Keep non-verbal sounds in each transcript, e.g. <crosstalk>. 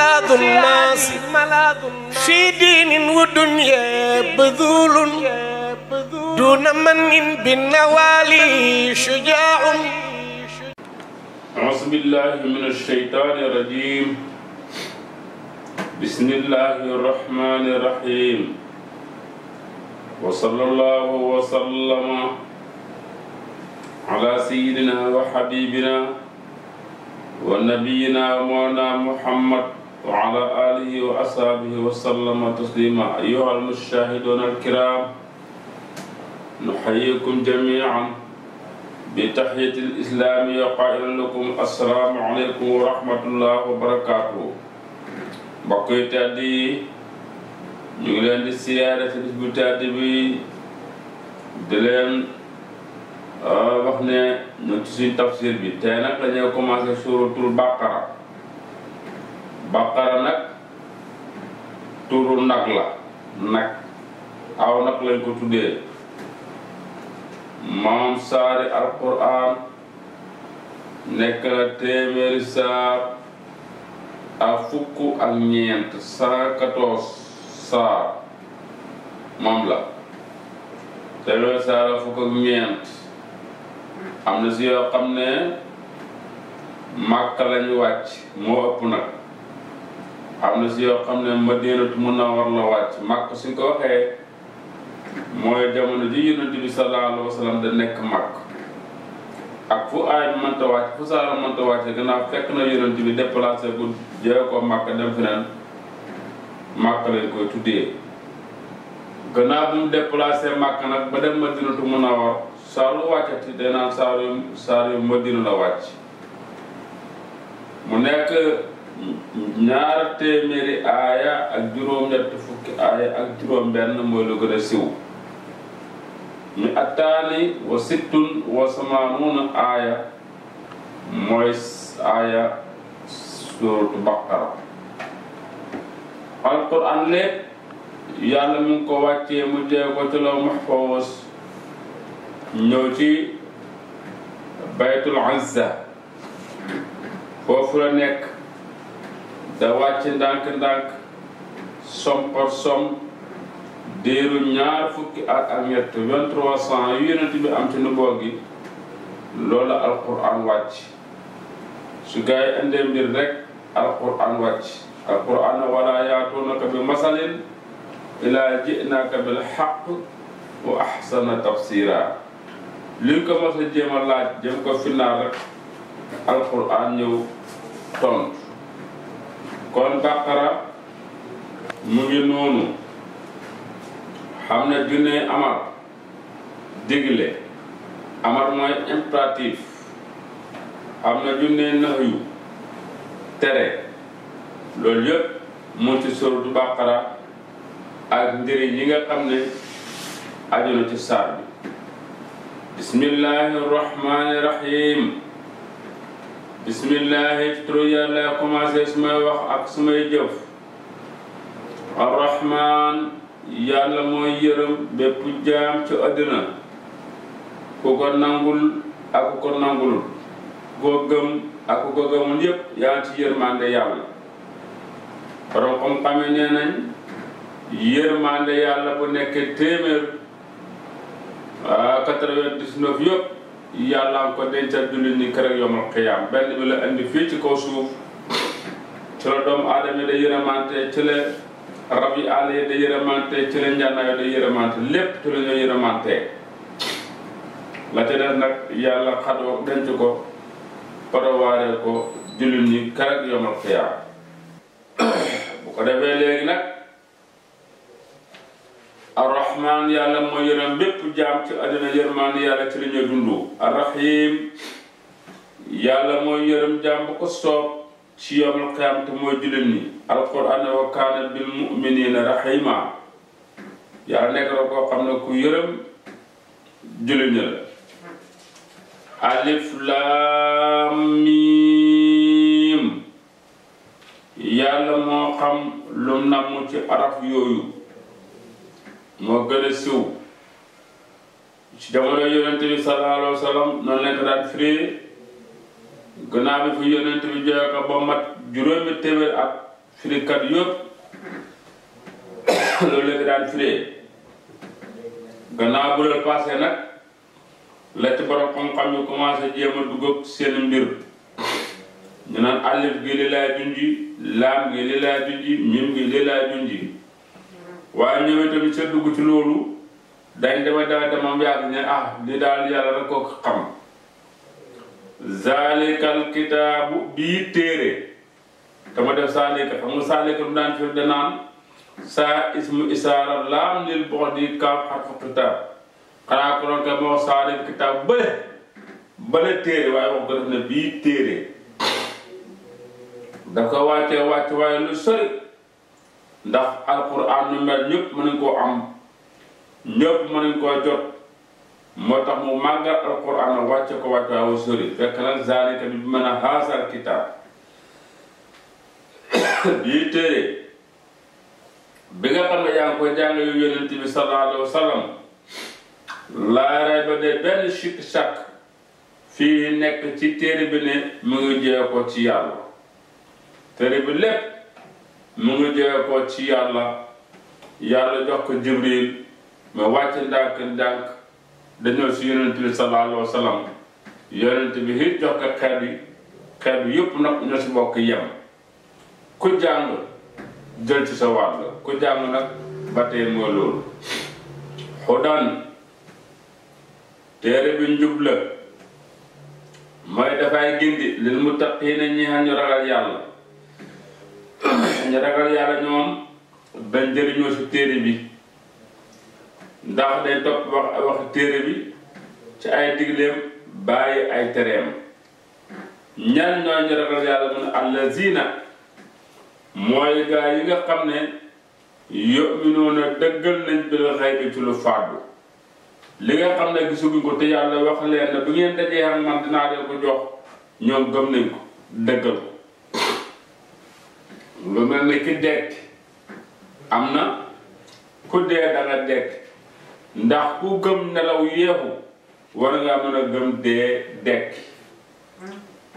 ملاذ الناس في دين ودنيا بذول دون من بالنوالي شجاع أعوذ بالله من الشيطان الرجيم بسم الله الرحمن الرحيم وصلى الله وسلم على سيدنا وحبيبنا ونبينا مولانا محمد وعلى آله وأصحابه وسلم تسليما أيها المشاهدون الكرام نحييكم جميعا بتحية الإسلام قائلا لكم السلام عليكم ورحمة الله وبركاته mbokk yu tedd yi ñu ngi leen di siyaare ci bis bu tedd bi di leen ah, wax ne ñu ci suñu tafsir bi tey nag la ñuy commencé suuratul Baqara baqara nag turu nag la nag aw nag lañ ko tuddee moom saari alquran nekk na saar ak ak ñeent cent saar moom la téeméeri saar ak fukk ak ñeent am na si yoo xam ne màkk lañu wàcc moo ëpp nag am na si yoo xam ne madinatu munawwar la wàcc màkk suñ ko waxee mooy jamono ji yonent bi sallallahu alayhi da nekk màkk ak fu aay mënta wàcc fu saara mënta wàcc gannaaw fekk na yonent bi déplacé bu jële ko màkk dem feneen màkk lañ koy tuddee gannaaw bi mu déplacé màkk nag ba dem madinatu munawwar saa lu wàccati day naan saar yu saar yu madina la wàcc mu nekk ñaar téeméeri aaya ak juróom-ñett fukki aaya ak juróom-benn mooy lu gën siw mi attaani wa sittun wa samaanuuna aaya mooy aaya baqara alquran lépp yàlla mu ngi ko wàccee mu jee ko ci la mahfuz ñëw ci baytul azza foofu la da wàcc ndànk som par som diiru ñaar fukki at ak ñett vingt-trois cent yu yonent bi am ci nubuwa gi loolu alquran wàcc su gaa yi indee mbir rek alquran wàcc alquran wala yaatuunaka bi masalin ilaa ji'naaka bil xaq wa axsana tafsira li ko mas a jéem a laaj jëm ko finnaar rek alquran ñëw tontu kon baqara mu ngi noonu xam ne junne amar digle amar mooy impératif xam ne junne nahyu tere loolu yëpp mu ci suratu baqara ak njëriñ yi nga xam ne aju na ci saar bi bismillahi rahmani rahim bismillahi turu yàlla commencé sumay wax ak sumay jëf arrahman yàlla mooy yërëm bépp jaam ci àddina ku ko nangul ak ku ko nangulul koo gëm ak ku ko gëmul yépp yaa ci yërmande yàlla borom xam-xam yi nee nañ yërmande yàlla bu nekkee téeméer 99 ah, yëpp yàlla ko dencal jullit ñi keroog yomal xiyaam benn bi la indi fii ci kaw suuf ci la doomu aadama da yërëmante ci la rab yi àll yi da yërëmante ci la njànnaayo da yërëmante lépp ci la ñoo yërëmante la ca des nag yàlla xadoo denc ko parawaare ko jullit ñi keroog yomal xiyaam <coughs> bu ko defee léegi nag arrahman yàlla mooy yërëm bépp jaam ci àddina yërmaande yàlla ci la ñuy dund arrahim yàlla mooy yërëm jaam bu soob ci yowmal qiyaam te mooy jullit ni alquran wa kaana bil muminina rahima yàlla nekk koo xam ne ku yërëm jullit alif laam miim yàlla moo xam lu namm ci araf yooyu moo gën a siw ci jamono yonent bi sallallahu alayhi wa sallam noonu lañ ko daan firi gannaaw bi fi yonent bi joxe ko ba juróomi téeméer ak firikat yëpp <coughs> loolu lañ ko daan firi bu loolu passé la ci borom xam yu commencé jéem a dugg seen mbir ñu naan alif gi li laa junji laam gi li laa junji mim gi li laa junji waaye ñoom itam sa dugg ci loolu dañ dema dema demam yàlla ne ah li daal yàlla rek ko xam zalikal kitaabu bii téere dama def saalika xam nga saalika lu daan fir danaan saa ismu isaara laam lil box di kaaf xarfu kitaab xanaa ko doon ka ma wax saalika kitaab bële bële waaye wax ko def na bii téere daf ko wàccee waaye lu sori ndax alquran ñu mel ñëpp mënuñ koo am ñëpp mënuñ koo jot moo tax mu màggal alquran wàcce ko wàcce waaw sori fekk nag zalika bi mën a haasal kitaab bii <coughs> téere bi nga xam ne yaa ngi koy yu yonent bi sallallahu alayhi wa sallam laa rayba de benn chik chak fii nekk ci téere bi ne mu ngi jëye ko ci yàlla téere bi lépp mu nga jóge ko ci yàlla yàlla jox ko jibril ma wàcc ndànk-ndànk dañoo si yonent bi sallallahu alayhi bi it jox ko xeet yi xeet yi si bokk yem ku jàng jël ci sa wàll ku jàng nag ba tey mooy loolu xudan téere bi njub la dafay gindi lil muttaqiina ñi ñu ragal yàlla ñi ragal yàlla ñoom dañ jëriñoo ci téere bi ndax day topp wax wax téere bi ci ay digleem bàyyi ay tereem ñan ñoo ñi ragal yàlla mun allazina mooy gaa yi nga xam ne yu'minuuna dëggal nañ bil xaybi ci lu fàddu li nga xam ne gisuguñ ko te yàlla wax leen ne bu ngeen dajee ak man dinaa leen ko jox ñoom gëm nañ dëggal lu ngi mel ni ki dekk am na ku dee danga dekk ndax ku gëm nelaw yeexu war nga mën a gëm dee dekk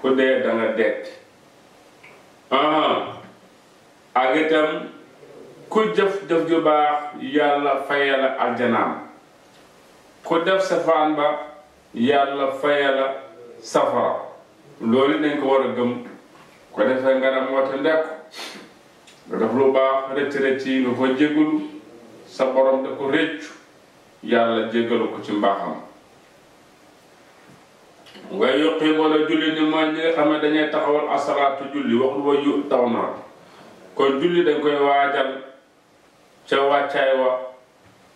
ku dee danga dekk ak itam ku jëf jëf ju baax yàlla fayala aljanaam ku def safaan ba yàlla fayala safara loolu dañ ko war a gëm ko defee nga dem wata ndekk nga def lu baax rëcc rëcc yi nga ko jégul sa borom da ko réccu yàlla jégalu ko ci mbaaxam waaye yokkee wala julli ni mooy ñi xam ne dañuy taxawal asalaatu julli waxul wa yu taw na kon julli dañ koy waajal ca wàccaay wa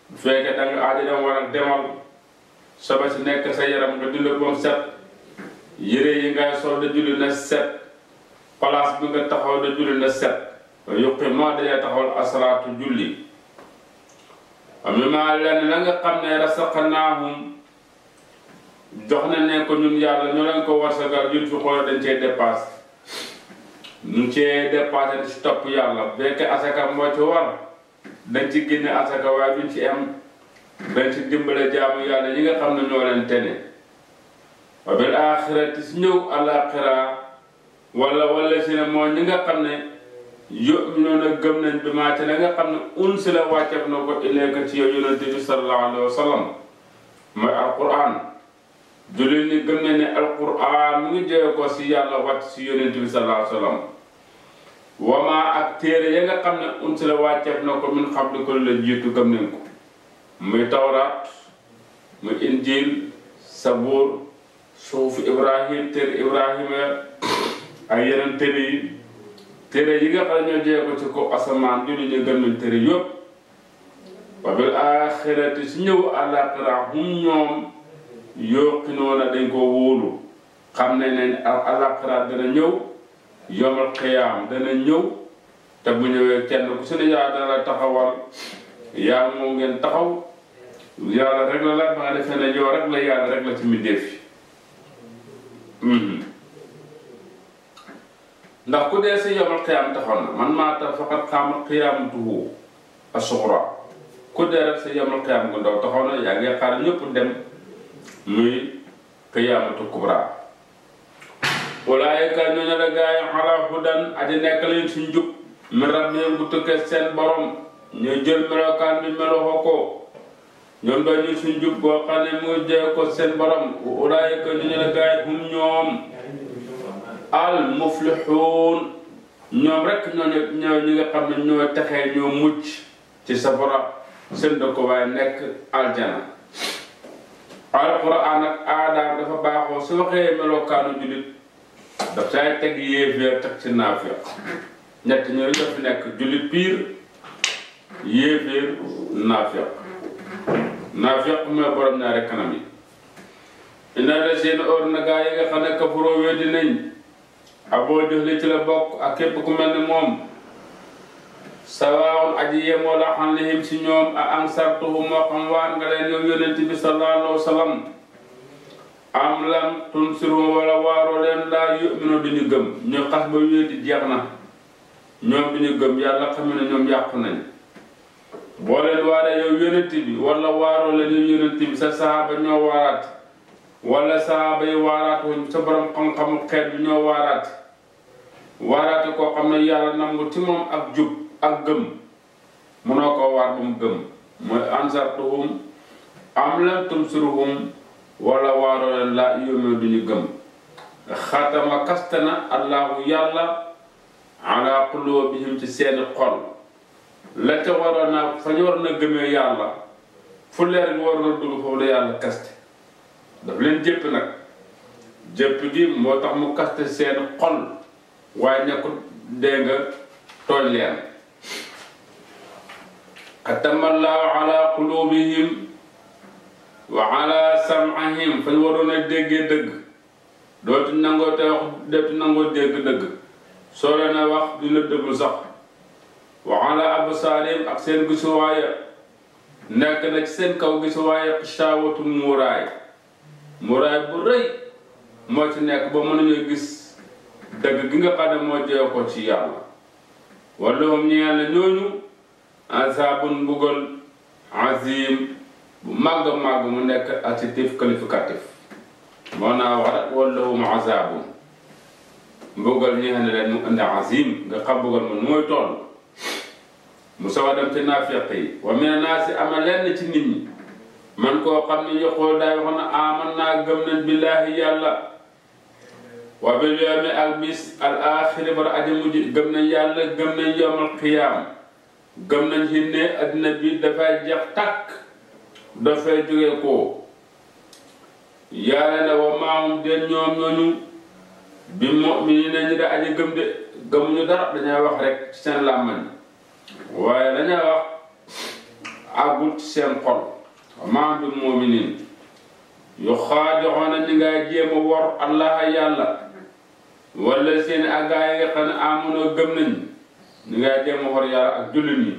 bu fekkee da war a demal sa si nekk sa yaram nga julli ba set yére yi ngay sol da julli na set place bi nga taxaw da julli na set yuqi moo dajee taxawal asalaatu julli am ma lenn la nga xam ne rasaqnaahum jox na ne ko ñun yàlla ñoo leen ko warsagal yun fi xool dañ cee dépasse ñu cee dépassé ci topp yàlla bekk asaka moo ci war dañ ci génne asaka waaye duñ ci am dañ ci dimbale jaamu yàlla yi nga xam ne ñoo leen tene wa bil axirati si ñëw al axira wala wala si ne moo ñi nga xam ne yu'minuuna gëm nañ bi maa ci la nga xam ne unsila wàcceef na ko ilayka ci yow yonente bi sallallahu alayhi ne ko si yàlla wàcc si yonente bi sallallahu alayhi ya nga xam ne unsila wàcceef na ko min xam di ko muy tawraat muy injil sabuur suufu ibrahim téere ibrahima ak yeneen téere yi téere yi nga xam ñoo ko ci ko asamaan julli ñu gëm nañ téere yëpp wa bil axirati ci ñëw àllaaxira hum ñoom yooqinoona dañ ko wóolu xam ne nañ àllaaxira dana ñëw yomal xiyaam dana ñëw te bu ñëwee kenn ku si ne yaa dana taxawal yaa moo ngeen taxaw yàlla rek la la ba nga defee ne yow rek la yàlla rek la ndax ku dee si yomal xiyaam taxaw na man maa tax faqat xaamal xiyaam duhu asuxra ku dee si yomal xiyaam gu ndaw taxaw na yaa ngi xaar ñëpp dem muy xiyaamatu kubra walaayika ñu ne la gaa yi xalaa hudan aji nekk lañ suñ jub min rabbihim bu tukkee seen borom ñu jël melokaan bi meloo ko ñoom dañu suñ jub boo xam ne mu jëlee ko seen borom walaayika ñu ne la gaa yi hum ñoom al muflixuun ñoom rek ñoo ñoo ñi nga xam ne ñoo texee ñoo mucc ci safara seen dëkkuwaay nekk aljana alquran ak aadaam dafa baaxoo su waxee melokaanu jullit daf saay teg yéeféer teg ci naafiq ñett ñooyu dafa nekk jullit piir yéeféer naafiq naafiq mooy borom ñaari kanam yi ina de seen or na gaa yi nga xam ne kafaroo weddi aboo joxli ci la bokk ak képp ku mel ni moom sawaaxul aji yemoo la xam lihim si ñoom a am sartuhu moo xam waar nga leen yow yonent bi sallallahu alayhi wa sallam am lam tunsiru wala waaroo leen laa yu'minu du ñu gëm ñu xas ba wéeti jeex na ñoom du ñu gëm yàlla xam ne ñoom yàqu nañ boo leen waaree yow yonent bi wala waaroo leen yow yonent bi sa sahaaba ñoo waaraat wala saaba yi waaraat wuñ sa borom xam-xamu xeet bi ñoo waaraat waaraate koo xam ne yàlla nangu ci moom ak jub ak gëm munoo koo waar ba gëm mooy ansartuhum am lam tumsuruhum wala waaroo leen laa yóomee duñu gëm xatama kastana allahu yàlla ala qulubihim ci seeni xol la ca waroon naa fa ñu war na gëmee yàlla fu leer waroon na dugg foofu la yàlla kaste daf leen jëpp nag jëpp gi moo tax mu kaste seen xol waaye ñàkkut dee nga tooñ leen xatamallaahu ala qulubihim wa ala sam'ihim waroon a déggee dëgg dootu nangoo te wax dootu nangoo dégg dëgg soo leen a wax du la sax wa ala absaarihim ak seen gisuwaaya nekk na seen kaw gisuwaaya xishaawatun muuraay muraay bu rëy moo ci nekk ba mënuñu gis dëgg gi nga xam ne moo jëyee ko ci yàlla wala hum ñeel na ñooñu asaabun mbugal azim bu màgg màgg mu nekk adjectif qualificatif moo naa wax rek wala hum asaabun mbugal ñeel na leen mu indi azim nga xam mbugal man mooy toll mu soog a ci naafiq wa mina naasi ama lenn ci nit ñi man koo xam ne yokkoo daay wax na aman naa gëm nañ billaahi yàlla wa bil yawmi ak bis al axiri bara aji mujj gëm nañ yàlla gëm nañ yowmal qiyaam gëm nañ ci ne addina bi dafay jeex tàkk dafay jóge ko yàlla ne wa maahum den ñoom ñooñu bi mu'miniina ñi da aji gëm de dara dañuy wax rek seen làmmañ waaye dañuy wax agul seen xol wa maa bil mu'minin yu xaadixoona ni ngaa jéem a wor allah yàlla wala seen ak gaa yi nga xam ne gëm nañ ni ngaa jéem a yàlla ak jullit ñi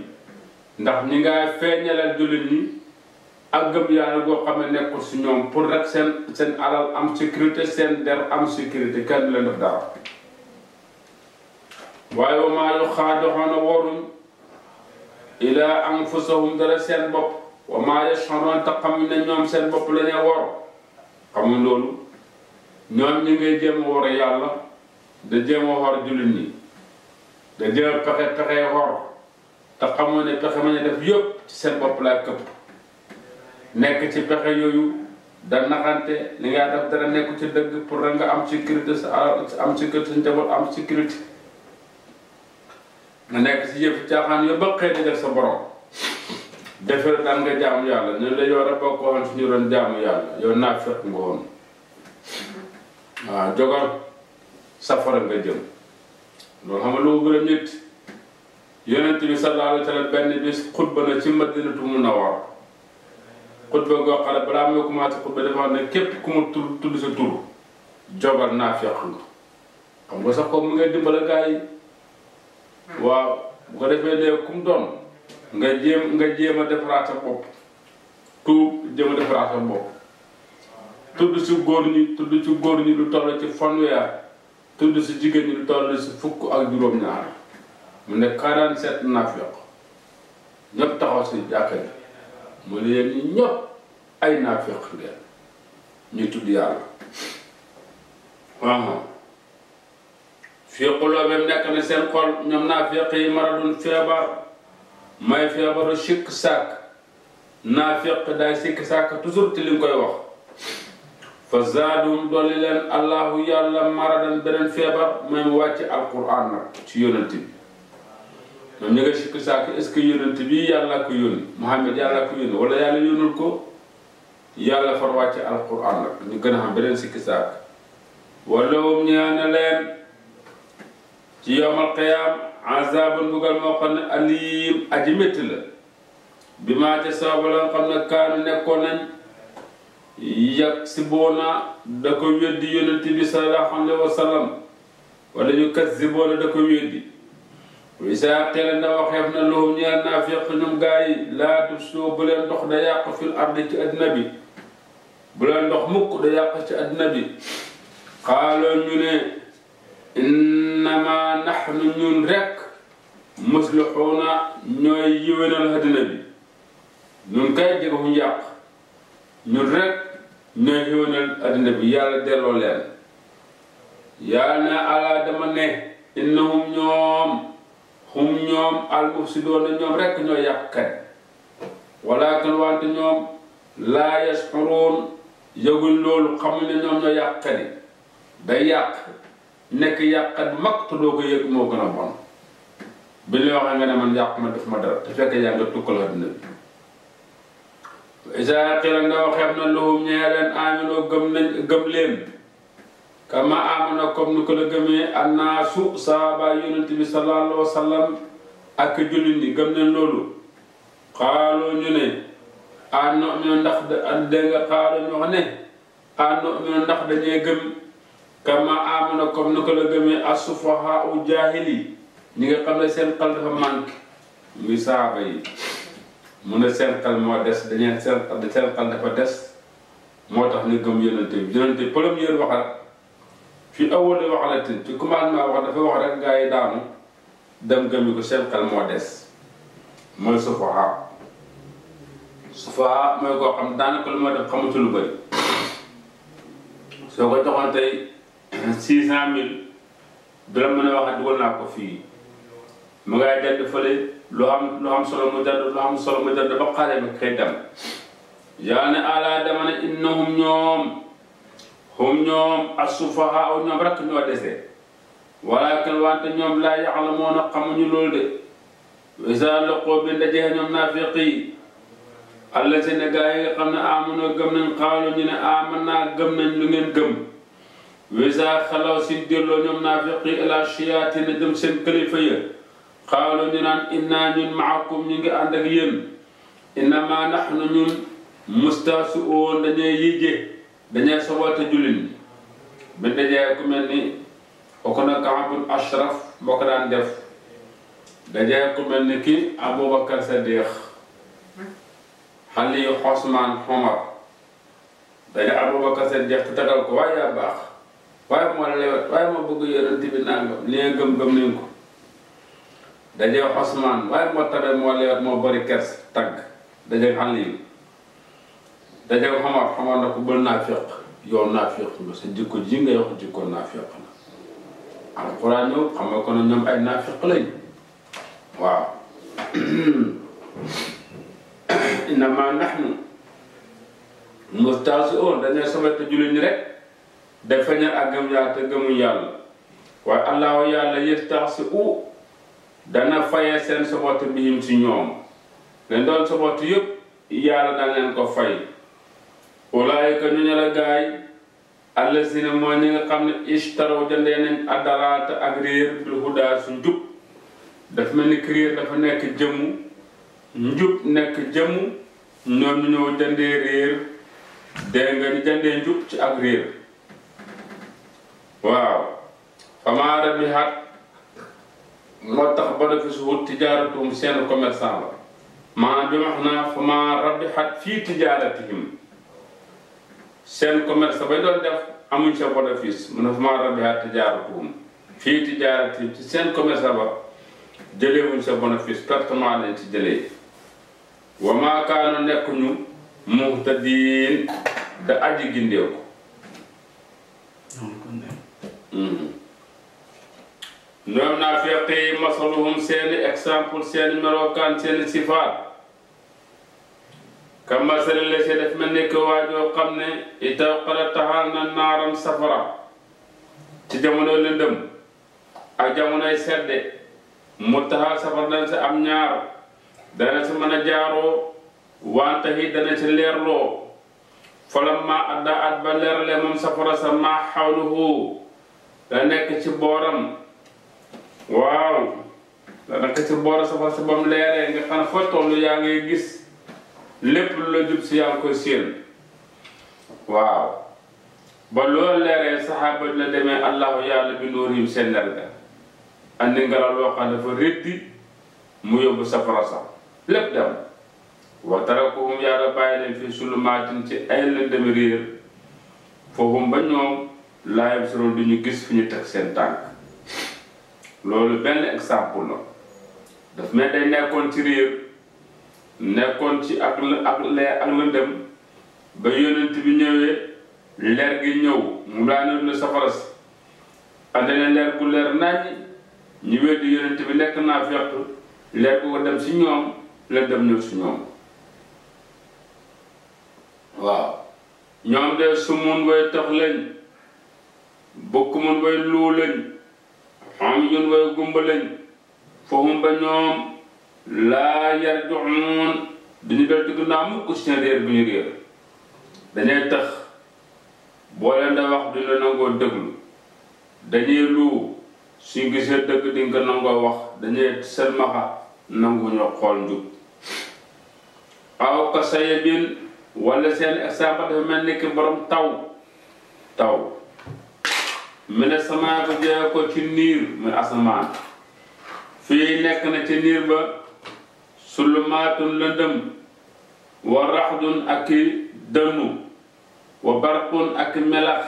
ndax ñi ngaa feeñalal jullit ñi ak gëm yàlla goo xam ne nekkul si ñoom pour rek seen seen alal am sécurité seen der am sécurité kenn du leen def dara waaye wa maa yu xaadixoona woruñ ilaa anfusahum dara seen bopp wa maa yash'uruun te xamuñ ne ñoom seen bopp la ñuy wor xamuñ loolu ñoom ñu ngay jéem a yàlla da jéem a wor jullit ñi da jéem a pexe pexe wor te xamoo ne pexe laa këpp nekk ci pexe yooyu da naxante li nga def dara nekku ci dëgg pour rek nga am sécurité sa am sécurité sa njaboot am sécurité nekk ci yëfu caaxaan yooyu ba xëy def sa borom defee daan jaamu yàlla ñu la yow rek bokkoon fi ñu jaamu yàlla yow naaf nga woon waaw jogal safara nga jëm loolu xam nga lu mu gën a nit yonent bi benn bis xutba na ci madinatu munawwara xutba goo xam ne balaa muy xutba dafa ne képp ku mu tudd tudd sa tur jogal naaf yàq xam nga sax ko mu ngay dimbala gars yi waaw bu defee léegi ku doon nga jéem nga jéem a defaraat sa bopp tuub jéem tudd si góor ñi tudd ci góor ñi lu toll ci fanweer tudd si jigéen ñi lu toll si fukk ak juróom-ñaar mu ne 47 naafiq ñëpp taxaw si jàkka ji mu ne ñi ñëpp ay naafiq ngeen ñu tudd yàlla waaw fii xuloo bi nekk na seen xol ñoom naafiq yi maradun feebar may feebaru sikk sàkk naafiq day sikk sàkk toujours te li nga koy wax fa zaadum dolli leen allahu yàlla maradan beneen feebar mooy mu wàcc alquran nag ci yónent bi ñoom ñu nga sikk sàkk est ce que yónent bi yàlla ko yónni Muhammad yàlla ko yónni wala yu yónnul ko yàlla far wàcc alquran nag ñu gën a xam beneen sikk sàkk wala wum ñaan leen ci yowmal qiyaam azabun mbugal moo xam ne alim aji métti la bi maa ca xam ne kaanu nekkoon nañ yàq si boona da ko weddi yonent bi sallallahu alayhi wa da ko na waxeef na loxum ñeel naafiq ñoom gaa yi laa tubsoo bu leen dox da yàq fil ardi ci addina bu leen dox mukk da yàq ci addina bi xaaloo ne innama nahnu ñun rekk muslihuuna ñooy yiwénal àddina bi ñun kay jega fu njàq ñun rekk ñooy yiwénal àddina bi yàlla delloo leen yàlla ne ala dama ne innahum ñoom hum ñoom almufsidoona ñoom rekk ñooy yàqkat walakin wante ñoom laa yash'uruun yëguñ loolu xamuñ ne ñoom ñooy yàqkat yi day yàq nekk yàqat mag te doo ko yëg moo gën a bon bi ñu waxee nga ne man yàq ma def ma dara te fekk yaa nga tukkal àddina bi isa xila nga waxeem na lahum ñee leen aminoo gëm nañ gëm leen kama amana comme ni ko la gëmee annaasu saaba yonent bi sallallahu alayhi wa ak jullit ñi gëm nañ loolu xaaloo ñu ne a no mi ndax dégg nga xaaloo ñu wax ne a no mi ndax dañee gëm kama na comme na ko la gëmee asufaha u jaahili ñi nga xam ne seen xel dafa manqué muy saaba yi mu a seen xel moo des dañeen seen seen xel dafa des moo tax ñu gëm yonente bi yonente première fi awali wax ci commandement wax dafa wax rek gaa yi daanu dem gëmi ko seen xel moo des mooy sufaha sufaha mooy koo xam daanaka lu ma def xamatu lu bëri soo ko joxoon six cent mille a dugal naa ko fii mu ngay jënd fële lu lu am solo mu jënd lu am solo mu jënd ba xale bi kay dem yaa ne ala dama ne innahum hum ñoom asufaha aw ñoom rekk ñoo dese walakin wante ñoom laa yaxlamuuna xamuñu loolu de isa loqoo bi ndajee ñoom naafiq yi alla si ne gaa yi nga xam ne amunoo gëm nañ xaalu ñu ne aman gëm nañ lu ngeen gëm wisa xalaw si delloo ñoom naafiqi ila shiyaatina dem seen kilifa ya xaalu ñu naan inna ñun maakum ñu ngi ànd ak yéen innama nahnu ñun mustaasu oon dañuy yéege dañuy soboota julin bi dajee ku mel ni okona kaabul ashraf moo ko daan def dajee ku mel ni ki abubakar sadiq xali xosmaan xomar daje abubakar sadiq te tagal ko baax waaye moo lewet waaye ma bëgg yonent bi nangam li nga gëm-gëm nañ ko dajee Osman waaye moo tabe moo lewet moo bari kes tagg dajee Ali dajee Omar xamoon na ko bul naafiq yow naafiq nga sa jikko ji ngay wax jikko naafiq la alxuraan ñëw xam nga ko ne ay naafiq lañ waaw <clears throat> innama nahnu mustahzi'un dañoo sobet jullit ñi day feeñal ak gëm yàlla te gëmu yàlla waaye allahu yàlla yestax u dana fayee seen sobatu bihim si ñoom leen doon sobatu yépp yàlla dana leen ko fay walaay que ñu ne la gaay allazina mooy ñi nga xam ne ishtaraw jëndee nañ addalaata ak réer bil hudaa su njub dafa mel ni réer dafa nekk jëmu njub nekk jëmu ñoom ñu ñëw jëndee réer dégg nga ñu jëndee njub ci ak réer waaw famaa rabihat moo tax bénéfice tijaaratum seen commerçant la maanaam bi ma wax naa famaa rabihat fii tijaaratihim seen commerce bay doon def amuñ sa bénéfice mu ne famaa rabihat tijaaratum fii tijaaratihim ci seen commerce ba jëleewuñ sa bénéfice pertement lañ ci jëlee wa maa kaanu nekkuñu muhtadiin da aji gindeeku ñoom mm-hmm. naa feqe yi masaluhum seeni exemple seeni melokaan seeni sifaat ka masali la si def ma nekk waajoo xam ne itawqada taxal na naaram safara ci jamono lëndëm ak jamonoy sedde mu taxal safara dana am ñaar dana si a jaaroo wante yi dana si leerloo falamma adda at ba leerale safara sa maa da nekk ci booram waaw da nekk ci booram safara sa bam leeree nga xam ne foo yaa ngay gis lépp lu la jub si yaa ngi koy séen waaw ba loolu leeree saxaaba la demee allahu yàlla bi nuurihim seen leer ga andi ngelaw loo xam ne dafa rëddi mu yóbbu safara sax lépp dem wa tarakuhum yàlla bàyyi leen fii sulumaatin ci ay lëndëm réer foofu ba ñoom laayam soroon du ñu gis fi ñu teg seen tànk loolu benn exemple la daf mel day nekkoon ci réer nekkoon ci ak ak leer ak ba yonent bi ñëwee leer gi ñëw mu laa ne na safara si andi na leer bu leer naaj ñu weddi yonent bi nekk naa fekk leer bu dem si ñoom lëndëm ñëw si ñoom waaw ñoom de sumun way tax leen bukkumun way luu lañ umiyun way gumba lañ fahum ba ñoom laa yarjuun duñu deltu ginnaaw mukk ci seen réer bu ñu réer dañuy tax boo leen da wax duñ la nangoo déglu dañuy luu suñ gisee dëgg di nangoo wax dañuy seen maxa nangu ñoo xool njub aw kasayabin wala seen exemple dafa mel ni ki borom taw taw mu ne sama ba jëlee ko ci niir muy asamaan fii nekk na ci niir ba sulumaatun lëndëm wa raxdun ak dënnu wa barqun ak melax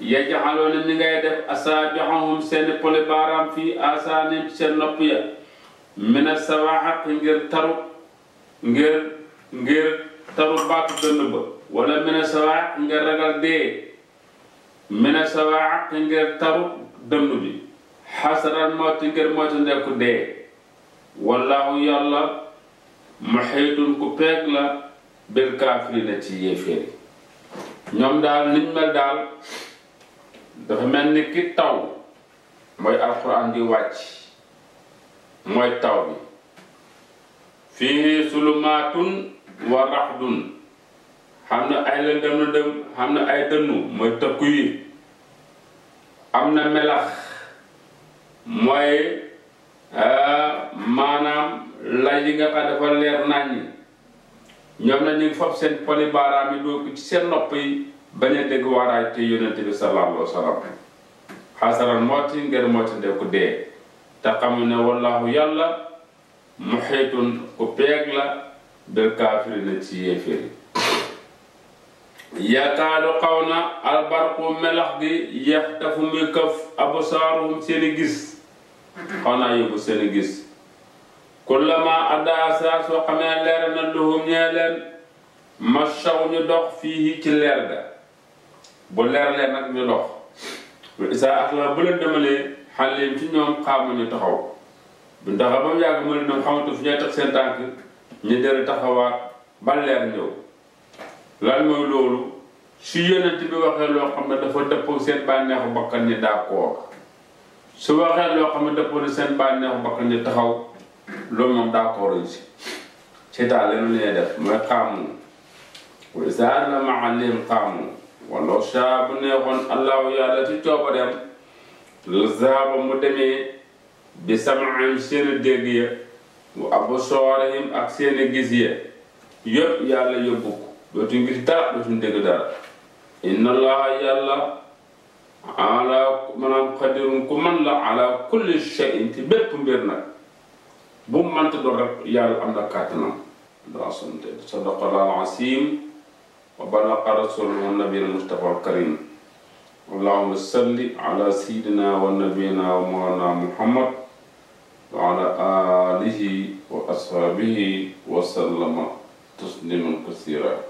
yajaxaloona ni ngay def asaabi'ahum seeni poli baaraam fii asaanim seen nopp ya mina sawaaxaq ngir taru ngir ngir taru baatu dënn ba wala mina sawaaxaq ngir ragal dee mene sawa ngir taru dënn bi xasaral mawti ngir moytu ndekku dee wallaahu yàlla muxiitun ku peeg la bil kaafirina ci yéeféeri ñoom daal niñ daal dafa mel ni ki taw mooy alxuraan di wàcc mooy taw bi fii sulumaatun wa raxdun xam ne ay lëndëm lëndëm am na ay dënnu mooy tëkku yi am na melax mooy euh, maanaam lay yi nga xam dafa leer naññ ñoom na ñu ngi fab seen poli baaraam yi doo seen nopp yi bañ a dégg waaraay te yonente bi sallallahu alayhi wa sallam xasaral mooti ngir mooti dee te xam ne wallaahu yàlla muxiitun ku peeg la bil kaafirina ci yéeféeri yakaadu xaw na albarku melax gi yax tafu muy këf absaaruhum seeni gis xaw naa yóbbu seeni gis kullama addaa saa soo xamee leer na luhum ñee leen machaw ñu dox fii ci leer ga bu leer leen nag ñu dox bu isaa ak la bu leen demalee xale yi ci ñoom xaamu ñu taxaw bu ndaxa ba mu yàgg ma leen ñoom fu ñuy teg seen tànk ñu dere taxawaat ba leer ñëw lan mooy loolu su yonent bi waxee loo xam ne dafa dëppoo seen bànneexu bakkan ñi d'accord su waxee loo xam ne dëppoo na seen bànneexu bakkan ñi taxaw loolu moom d'accord yi si seetaan lenu li ñuy def mooy xaamu wa izaa la maalim xaamu wala saa bu la zaaba mu demee bi samaam seen dégg ya wa absoorihim ak seen gis ya yëpp yàlla yóbbu dootuñ gis dara dootuñ dégg dara inna allaha yàlla ala maanaam xadirun ku man la ala kulli shay'in ci bépp mbir nag bu mënta doon rek yàlla am na kàttanam daa sante sadaqallahu asim wa balaqa rasuluhu nabiyina mustafa alkarim allahuma salli ala sayidina wa nabiyina wa mawlana muhammad wa ala alihi wa ashabihi wa sallama tasliman kasira